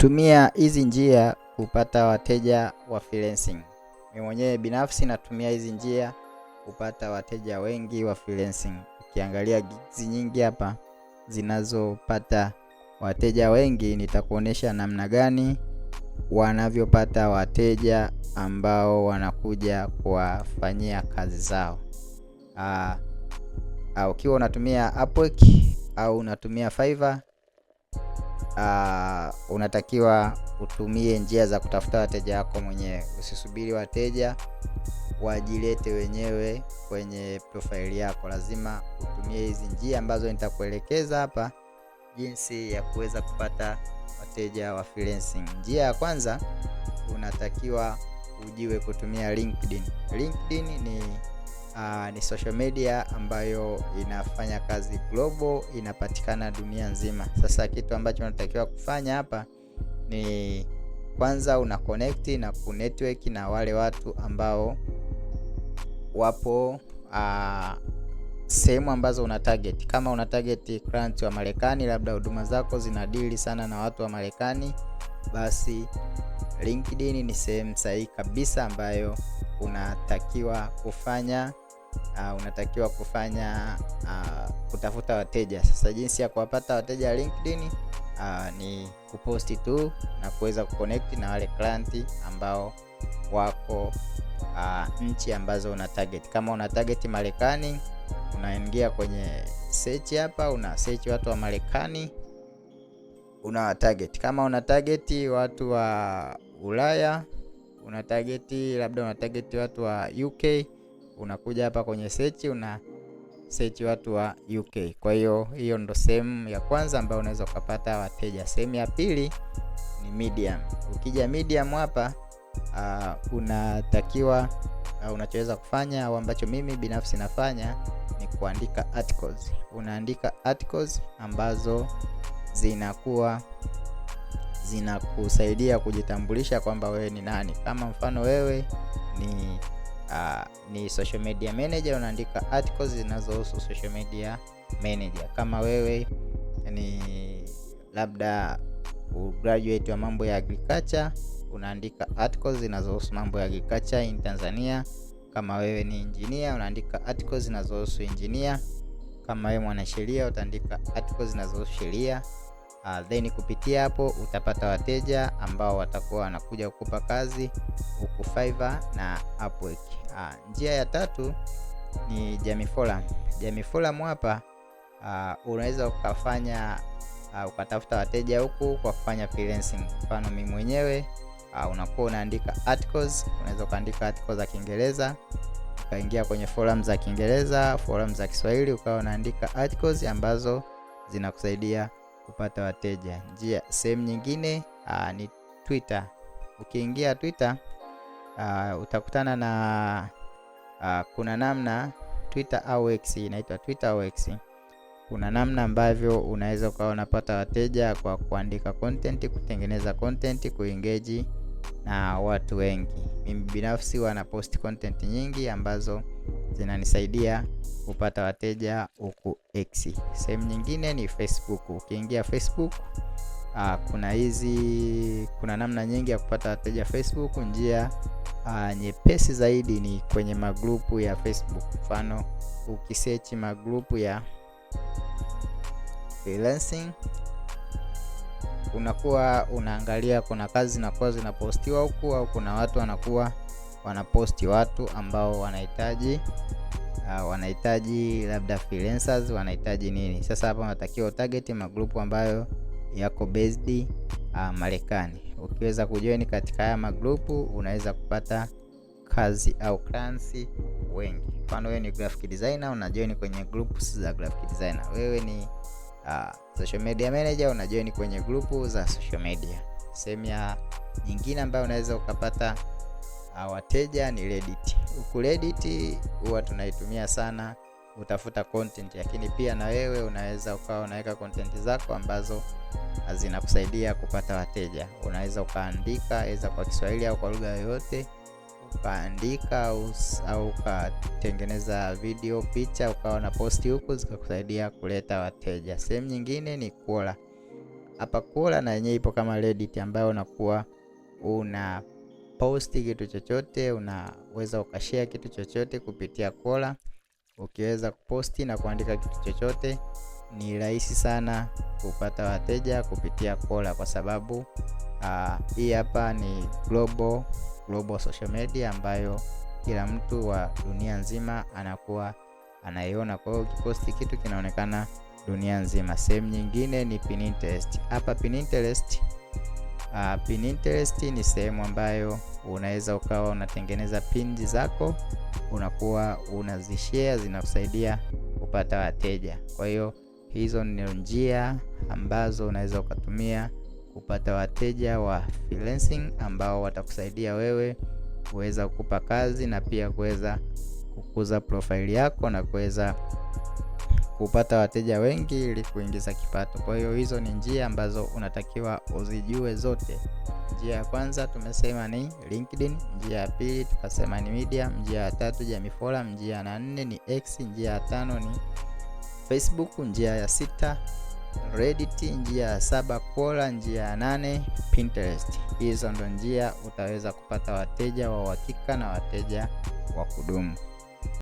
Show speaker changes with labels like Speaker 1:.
Speaker 1: Tumia hizi njia kupata wateja wa freelancing. Mimi mwenyewe binafsi natumia hizi njia kupata wateja wengi wa freelancing. Ukiangalia gigs nyingi hapa zinazopata wateja wengi, nitakuonesha namna gani wanavyopata wateja ambao wanakuja kuwafanyia kazi zao. Aa, ukiwa unatumia Upwork au unatumia Fiverr uh, unatakiwa utumie njia za kutafuta wateja wako mwenyewe. Usisubiri wateja wajilete wenyewe kwenye profaili yako, lazima utumie hizi njia ambazo nitakuelekeza hapa jinsi ya kuweza kupata wateja wa freelancing. Njia ya kwanza unatakiwa ujiwe kutumia LinkedIn. LinkedIn ni Uh, ni social media ambayo inafanya kazi global, inapatikana dunia nzima. Sasa kitu ambacho unatakiwa kufanya hapa ni kwanza una connect na ku network na wale watu ambao wapo uh, sehemu ambazo una target. Kama una target client wa Marekani, labda huduma zako zina deal sana na watu wa Marekani, basi LinkedIn ni sehemu sahihi kabisa ambayo unatakiwa kufanya uh, unatakiwa kufanya uh, kutafuta wateja. Sasa jinsi ya kuwapata wateja LinkedIn uh, ni kuposti tu na kuweza kuconnect na wale client ambao wako uh, nchi ambazo una target. Kama una target Marekani, unaingia kwenye search hapa, una search watu wa Marekani una target. Kama una target watu wa Ulaya una tageti labda una tageti watu wa UK, unakuja hapa kwenye search, una search watu wa UK. Kwa hiyo hiyo ndo sehemu ya kwanza ambayo unaweza ukapata wateja. Sehemu ya pili ni Medium. Ukija Medium hapa uh, unatakiwa uh, unachoweza kufanya au ambacho mimi binafsi nafanya ni kuandika articles. Unaandika articles ambazo zinakuwa zinakusaidia kujitambulisha kwamba wewe ni nani. Kama mfano wewe ni uh, ni social media manager, unaandika articles zinazohusu social media manager. Kama wewe ni labda graduate wa mambo ya agriculture, unaandika articles zinazohusu mambo ya agriculture in Tanzania. Kama wewe ni engineer, unaandika articles zinazohusu engineer. Kama wewe mwanasheria, utaandika articles zinazohusu sheria uh, then kupitia hapo utapata wateja ambao watakuwa wanakuja kukupa kazi huku Fiverr na Upwork. Uh, njia ya tatu ni Jamii Forum. Jamii Forum hapa uh, unaweza ukafanya uh, ukatafuta wateja huku kwa kufanya freelancing. Mfano mimi mwenyewe uh, unakuwa unaandika articles, unaweza ukaandika articles za Kiingereza ukaingia kwenye forum za Kiingereza, forum za Kiswahili ukawa unaandika articles ambazo zinakusaidia kupata wateja. Njia sehemu nyingine aa, ni Twitter. Ukiingia Twitter aa, utakutana na aa, kuna namna Twitter au X inaitwa Twitter au X. Kuna namna ambavyo unaweza ukawa unapata wateja kwa kuandika content, kutengeneza content, kuengage na watu wengi. Mimi binafsi wana post content nyingi ambazo zinanisaidia kupata wateja huku X. Sehemu nyingine ni Facebook. Ukiingia Facebook aa, ah, kuna hizi kuna namna nyingi ya kupata wateja Facebook. Njia ah, nyepesi zaidi ni kwenye magrupu ya Facebook. Mfano ukisechi magrupu ya freelancing unakuwa unaangalia kuna kazi zinakuwa zinapostiwa huku au kuna watu wanakuwa wanaposti watu ambao wanahitaji uh, wanahitaji labda freelancers, wanahitaji nini. Sasa hapa unatakiwa utarget magrupu ambayo yako based uh, Marekani. Ukiweza kujoin katika haya magrupu unaweza kupata kazi au clients wengi. Mfano wewe ni graphic designer unajoin kwenye groups za graphic designer. Wewe ni uh, social media manager unajoin kwenye grupu za social media. Sehemu ya nyingine ambayo unaweza ukapata wateja ni Reddit. Huku Reddit huwa tunaitumia sana utafuta content, lakini pia na wewe unaweza ukawa unaweka content zako ambazo zinakusaidia kupata wateja. Unaweza ukaandika aidha kwa Kiswahili au kwa lugha yoyote, ukaandika au ukatengeneza video, picha, ukawa na posti huko, zikakusaidia kuleta wateja. Sehemu nyingine ni Quora. Hapa Quora na yenyewe ipo kama Reddit ambayo unakuwa una unaposti kitu chochote, unaweza ukashare kitu chochote kupitia kola Ukiweza kuposti na kuandika kitu chochote, ni rahisi sana kupata wateja kupitia kola kwa sababu uh, hii hapa ni global, global social media ambayo kila mtu wa dunia nzima anakuwa anaiona. Kwa hiyo ukiposti kitu kinaonekana dunia nzima. Sehemu nyingine ni Pinterest. Hapa Pinterest Uh, pin interest ni sehemu ambayo unaweza ukawa unatengeneza pin zako unakuwa unazishare, zinakusaidia kupata wateja. Kwa hiyo hizo ni njia ambazo unaweza ukatumia kupata wateja wa freelancing ambao watakusaidia wewe kuweza kukupa kazi na pia kuweza kukuza profile yako na kuweza kupata wateja wengi ili kuingiza kipato. Kwa hiyo hizo ni njia ambazo unatakiwa uzijue zote. Njia ya kwanza tumesema ni LinkedIn, njia ya pili tukasema ni Medium, njia ya tatu Jamii Forum, njia ya nne ni X, njia ya tano ni Facebook, njia ya sita Reddit, njia ya saba Quora, njia ya nane Pinterest. Hizo ndo njia utaweza kupata wateja wa uhakika na wateja wa kudumu.